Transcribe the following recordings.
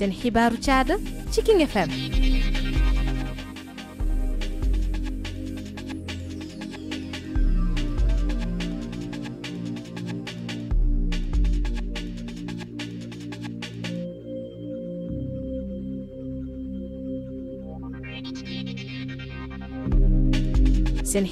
seen xibaaru caada ci King FM seen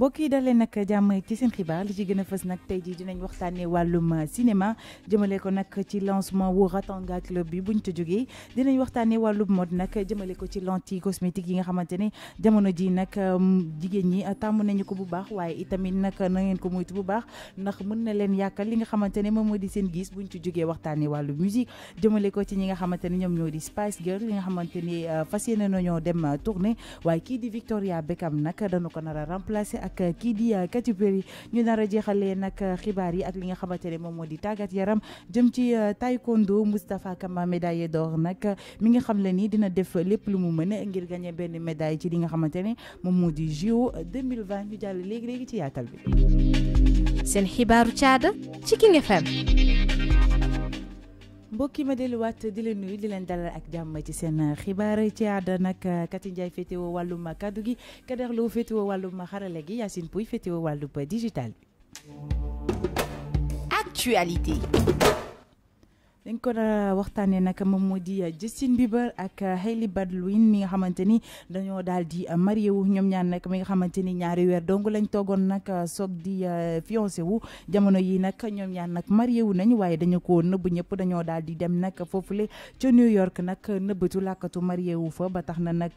mbokk yi dalee nag jàmm ci seen xibaar li ci a fës nag tey ji dinañ waxtaanee wàllum cinéma jëmale ko nag ci lancement wu ratonga club bi buñ ci jógee dinañ waxtaanee wàllum mode nag jëmale ko ci lentille cosmétique yi nga xamante ne jamono ji nag um, jigéen ñi tàmm nañu ko bu baax waaye itamit nag na ngeen ko moytu bu baax ndax mën na leen yàkkal li nga xamante ne moom moo di seen gis buñ ci jógee waxtaanee wàllu musique jëmale ko ci ñi nga xamante ne ñoom ñoo di Spice nga xamante ne uh, fas yéene nañoo dem uh, tournée waaye kii di Victoria Beckham nag dañu ko nar a remplacer Eh, kii di eh, Katy yi ñu nar a jeexalee nag eh, xibaar yi ak li nga xamante ne moom moo di tàggat yaram jëm ci taekwondo Moustapha Kama médaille d'or nag mi nga xam le ni dina def lépp lu mu mën ngir gagné benn médaille ci li nga xamante ne moom moo di JO 2020 ñu jàll léegi léegi ci yaatal bi. seen xibaaru caada ci King FM. mbokki ma delluwaat di leen nuyu di leen dalal ak jàmm ci seen xibaar ci aada nag Kati Ndiaye féetewoo wàllum kàddu gi Kader Lo féetewoo wàllum xarale gi Yacine Pouy féetewoo wàllum digital bi. actualité. dañ ko da waxtaanee nag moom moo di eh, Justin Bieber ak eh, Hailey Baldwin mi nga xamante ni dañoo daal di eh, marié wu ñoom ñaan nag mi nga xamante ni ñaari weer dong lañ toogoon nag soog di fiancé wu jamono yi nag ñoom ñaar nag marié wu nañ waaye dañu ko nëbb ñëpp dañoo daal di dem nag foofule ca New York nag nëbbatu làkkatu marié wu fa ba tax na nag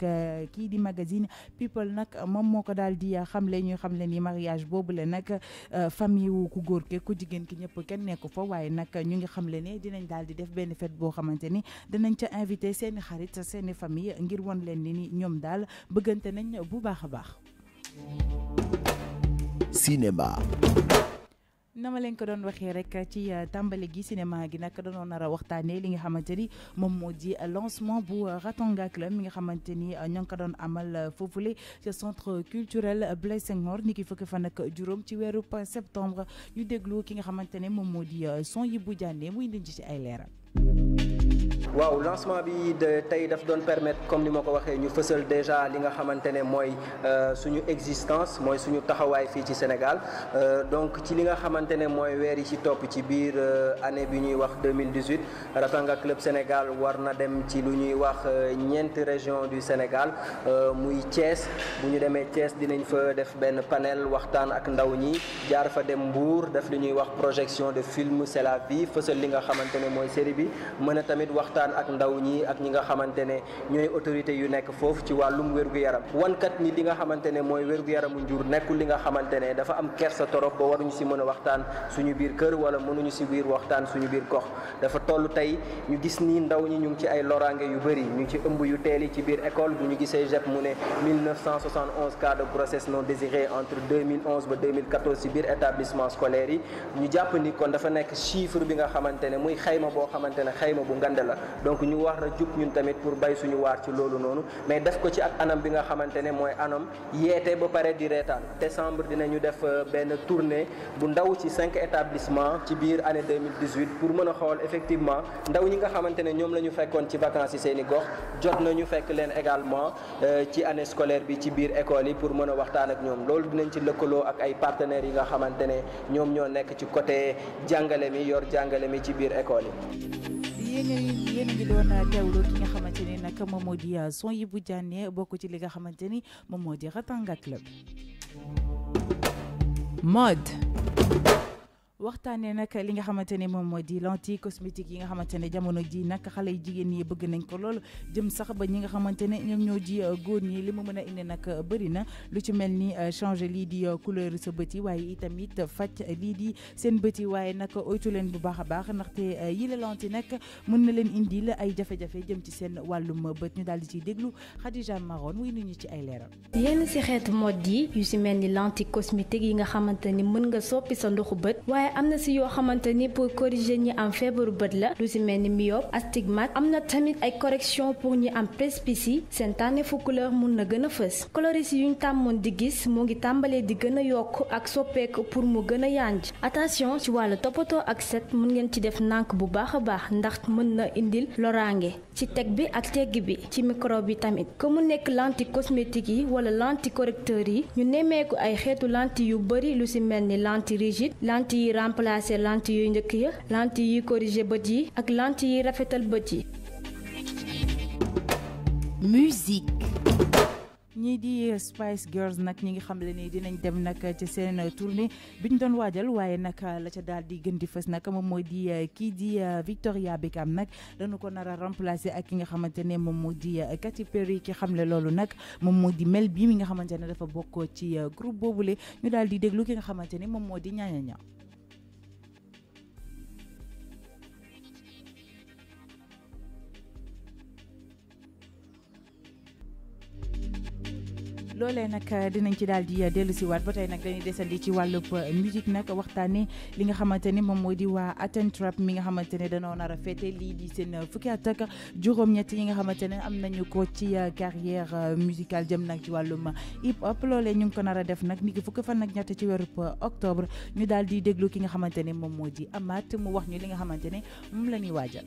kii di magazine people nag moom moo ko daal di xamle ñuy xamle ni mariage boobu boobule nag famille wu ku góor ke jigéen ki ñëpp kenn nekku fa waaye nag ñu ngi xamle ne dinañ daal di def benn fête boo xamante ni danañ ca invité seeni xarit seeni famille ngir won leen ni ñoom daal bëggante nañ bu baax a baax cinéma na ma leen ko doon waxee rek ci euh, tàmbali gi cinéma gi nag danoon nar a waxtaanee li nga xamante ni moom moo di euh, lancement bu euh, Ratanga Club mi nga xamante ni ñoo ngi ko doon amal foofule ci centre culturel Blaise Senghor ni ki fukki fan ak juróom ci weeru septembre ñu déglu ki nga xamante ne moom moo di bu Diané muy indi ci ay leeral. waaw lancement bi tey daf doon permettre comme ni ma ko waxee ñu fësal déjà li nga xamante ne mooy euh, suñu existence mooy suñu taxawaay fii ci Sénégal euh, donc ci li nga xamante ne mooy weer yi ci topp ci biir euh, année bi ñuy wax 2018 Ratanga Club Sénégal war na dem ci lu ñuy wax ñeenti région du Sénégal muy Thiès bu ñu demee Thiès dinañ fa def benn panel waxtaan ak ndaw ñi jaar fa dem buur def li ñuy wax projection de film c'est la vie fësal li nga xamante ne mooy série bi waxtaan ak ndaw ñi ak ñi nga xamante ne ñooy autorité yu nekk foofu ci wàllum wér-gu-yaram wankat ni li nga xamante ne mooy wér-gu-yaramu njur nekkul li nga xamante ne dafa am kersa torop ba waruñu si mën a waxtaan suñu biir kër wala mënuñu si biir waxtaan suñu biir gox dafa toll tey ñu gis ni ndaw ñi ñu ngi ci ay loraange yu bëri ñu ci ëmb yu teel yi ci biir école bu ñu gisee JEP mu ne 1971 cas de grossesse non désirée entre 2011 ba 2014 ci biir établissement scolaire yi ñu nekk chiffre bi nga xamante ne muy xayma boo xamante ne xayma bu ngand la donc ñu wax a jug ñun tamit pour bay suñu waat ci loolu noonu mais def ko ci ak anam bi nga xamante ne mooy anam yeete ba pare di reetaan décembre dinañu def euh, benn tournée bu ndaw ci cinq établissement ci biir année 2018 pour mën a xool effectivement ndaw ñi nga xamante ne ñoom lañu fekkoon ci vacances yi seeni gox jot nañu fekk leen également euh, ci année scolaire bi ci biir école yi pour mën a waxtaan ak ñoom loolu dinañ ci lëkkaloo ak ay partenaires yi nga xamante ne ñoom ñoo nekk ci côté jàngale mi yor jàngale mi ci biir école yi yéen yéen a ngi doon teewlu ki nga xamante ni nag moom moo di ah, bu Diané bokk ci li nga xamante ni moom moo di Ratanga Club mode waxtaanee nag li nga xamante ne moom moo di lentille cosmétique yi nga xamante ne jamono ji nag xale yi jigéen ñi bëgg nañ ko lool jëm sax ba ñi nga xamante ne ñoom ñoo ji euh, góor ñi li ma mën a indi nag euh, bëri na lu ci mel ni euh, changer lii di couleur sa bët yi waaye itamit faj lii di seen bët waaye nag oytu leen bu baax a baax ndaxte yi la nag mën na leen indil ay jafe-jafe jëm ci seen wàllum bët ñu daal di ciy déglu Khadija Maron wuy ñu ci ay leeral. yenn si xeetu mode yi yu si mel ni lentille cosmétique yi nga xamante ni mën nga soppi sa ndoxu bët am na si yoo xamante ni pour corriger ñi am feebaru bët la lu si mel ni myope astigmate am na tamit ay correction pour ñi am yi seen tànneefu couleur mun na gën a fës coloris ñu tàmmoon di gis mu ngi tàmbalee di gën a yokk ak soppeeku pour mu gën a yànj attention ci wàllu toppatoo ak set mun ngeen ci def nànk bu baax a baax ndax mën na indil loraange ci teg bi ak teg bi ci microbe yi tamit que mu nekk lentille cosmétique yi wala lentille correcteur yi ñu nemmeeku ay xeetu lentille yu bari lu si mel ni lentille remplacer lentille yu njëkk ya lentille yi corriger bët yi ak lentille yi rafetal bët yi. musique. ñii di euh, Spice Girls nag ñi nga xam le dinañ dem nag ci seen euh, tournée bi ñu doon waajal waaye nag euh, la ca daal di gën di fës nag moom mooy di kii di Victoria Beckham nag dañu ko nar a remplacer ak ki nga xamante ne moom moo di Katy Perry ki xam le loolu nag moom moo di mel bii mi nga xamante ne dafa bokkoo ci groupe boobule ñu daal di déglu ki nga xamante ne moom moo di ñaaña ñaaw loole nag euh, dinañ ci daal di euh, dellu si waat ba tey nag dañuy desandi ci wàllu euh, musique nag waxtaane li nga xamante ne moom moo di waa Aten Trap mi nga xamante ne danoo nar a fête lii di seen fukki at ak juróom-ñett nga xamante ne am nañu ko ci carrière musicale jëm nag ci wàllum hip hop loolee ñu ngi ko nar a def nag ni ki fukki fan nag ñett ci weerub octobre daal di déglu ki nga xamante ne moom moo di Amath mu wax ñu li nga xamante ne moom la ñuy waajal.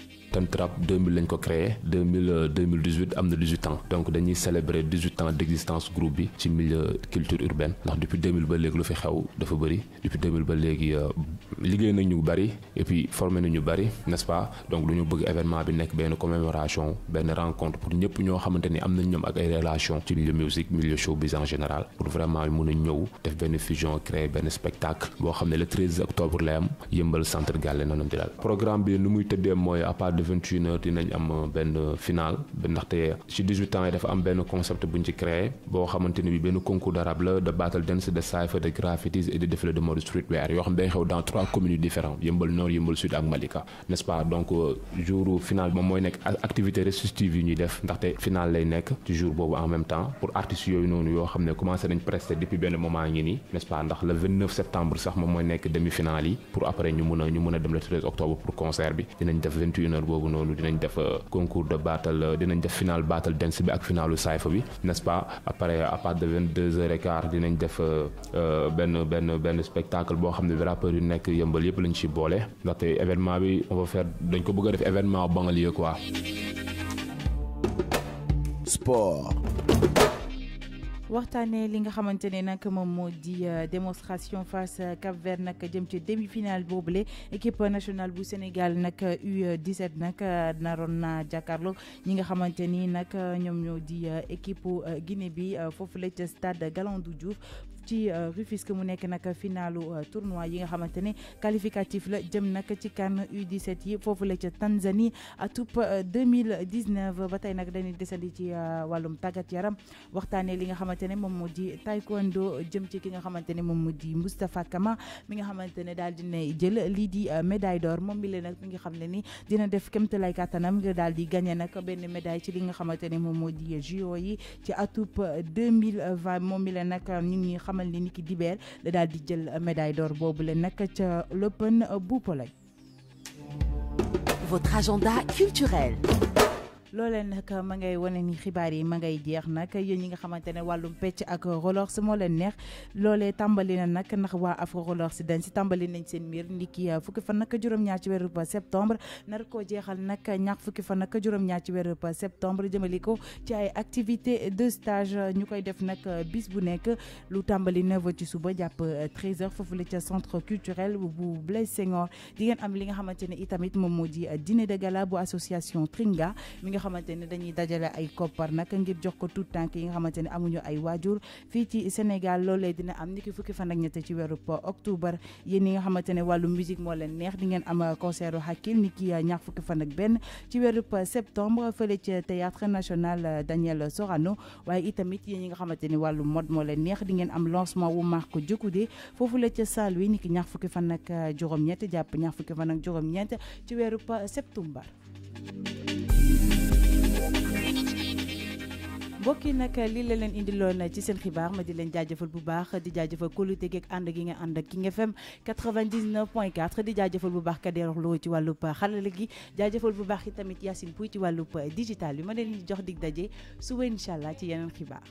ko créé 2000 2018 am na 18 ans donc dañuy célébrer ans d'existence groupe bi. bi ci milieu culture urbaine ndax depuis 2000 ba léegi lu fi xew dafa bëri depuis 2000 ba léegi euh, liggéey nañu bëri et puis nañu bëri nest pas donc lu bëgg événement bi nekk benn commémoration benn rencontre pour ñëpp ñoo xamante ni am nañ ñoom ak ay relation ci milieu musique milieu showbiz en général pour vraiment mun a ñëw def benn fusion créer benn spectacle boo xam ne le 13 octobre lay am yëmbal centre gàlle noonam di daal programme bi muy tëddee euh, am benn final ndaxte ci 18 xamante ni bi benn concours d'arabe la de battle dance de cypher de graffitis et de défilé de mode streetwear yoo xam day xew dans trois communes différentes yëmbal nord yëmbal sud ak Malika nest pas donc euh, jour final moom mooy nekk activité restitutive yi ñuy def ndaxte final lay nekk ci jour boobu en même temps pour artistes yooyu noonu yoo xam ne commencé nañ presté depuis benn moment ngi nii nest pas ndax le septembre sax moom mooy nekk à partir de vingt deux heures et quart dinañ def euh, euh, benn benn benn spectacle boo xam ne rappeurs yu nekk yëmbal yëpp lañ ci boole ndaxte événement bi on va faire dañ ko bëgg a def événement banlieue quoi. sport. waxtaanee li nga xamante ne nag moom moo di euh, démonstration face Cap Vert nag jëm ci demi-finale boobule équipe nationale bu Sénégal nag U17 nag euh, naroon na jàkkaarloo ñi nga xamante ni nag euh, ñoom ñoo di équipe Guinée bi foofu la ca stade du Diouf. ci euh, Rufisque mu nekk nag finalu euh, tournoi yi nga xamante ne qualificatif la jëm nag ci kan U17 yi foofu la ca Tanzanie atub 2019 euh, ba tey nag dañuy desandi ci wàllum tàggat yaram waxtaanee li nga xamante ne moom moo di taekwondo jëm ci ki nga xamante ne moom moo di Moustapha Kama mi nga xamante ne daal dina jël lii di médaille d'or moom mi leen nag mi nga xam ne ni dina def kémtalaay kàttanam nga daal di gagné nag benn médaille ci li nga xamante ne moom moo di JO yi ci atub 2020 moom mi leen nag ñu ngi xam xamal ni niki dibeer la daal di jël médaille d'or boobu la nag ca l'Open bu Pologne. loolee nag ma ngay wane ni xibaar yi ma ngay jeex nag yéen ñi nga xamante ne wàllum pecc ak Rolorsi moo leen neex loolee tàmbali na nag ndax waa Afro si dañ si tàmbali nañ seen mbir ndiki ah, fukki fan nag juróom-ñaar ci weeru septembre nar koo jeexal nag ñax fukki fan nag juróom-ñaar ci weeru septembre jëmale ko ci ay activité de stage ñu koy def nag bis bu nekk lu tàmbali 9 ci suba jàpp 13h foofu la ca centre culturel bu Blaise Senghor di ngeen am li nga xamante ne itamit moom moo di dîner de gala bu association Tringa xamante ne dañuy dajale ay koppar nag ngir jox ko tout tànk yi nga xamante ne amuñu ay waajur fii ci Sénégal loolee dina am niki fukki fan ak ñett ci weeru octobre yéen ñi nga xamante ne wàllu musique moo leen neex di ngeen am euh, concert Hakim niki euh, ñaar fukki fan ak benn ci weeru euh, septembre fële ci théâtre national Daniel Sorano waaye itamit yéen ñi nga xamante ne wàllu mode moo leen neex di ngeen am lancement wu Marc Diokoude foofu la ca Saint-Louis niki ñaar fukki fan nag juróom ñetti jàpp ñax fukki fan ak juróom-ñett ci weeru pa septembre mbokk yi nag lii la leen indiloon ci seen xibaar ma di leen jaajëfal bu baax di jaajëfal kóolute geeg ànd gi nga ànd ak King FM 99.4 di jaajafal bu baax Kader Lo ci wàllub xarala gi jaajëfal bu baax itamit Yacine Pouy ci wàllub digital bi ma leen jox dig daje su incha allah ci yeneen xibaar.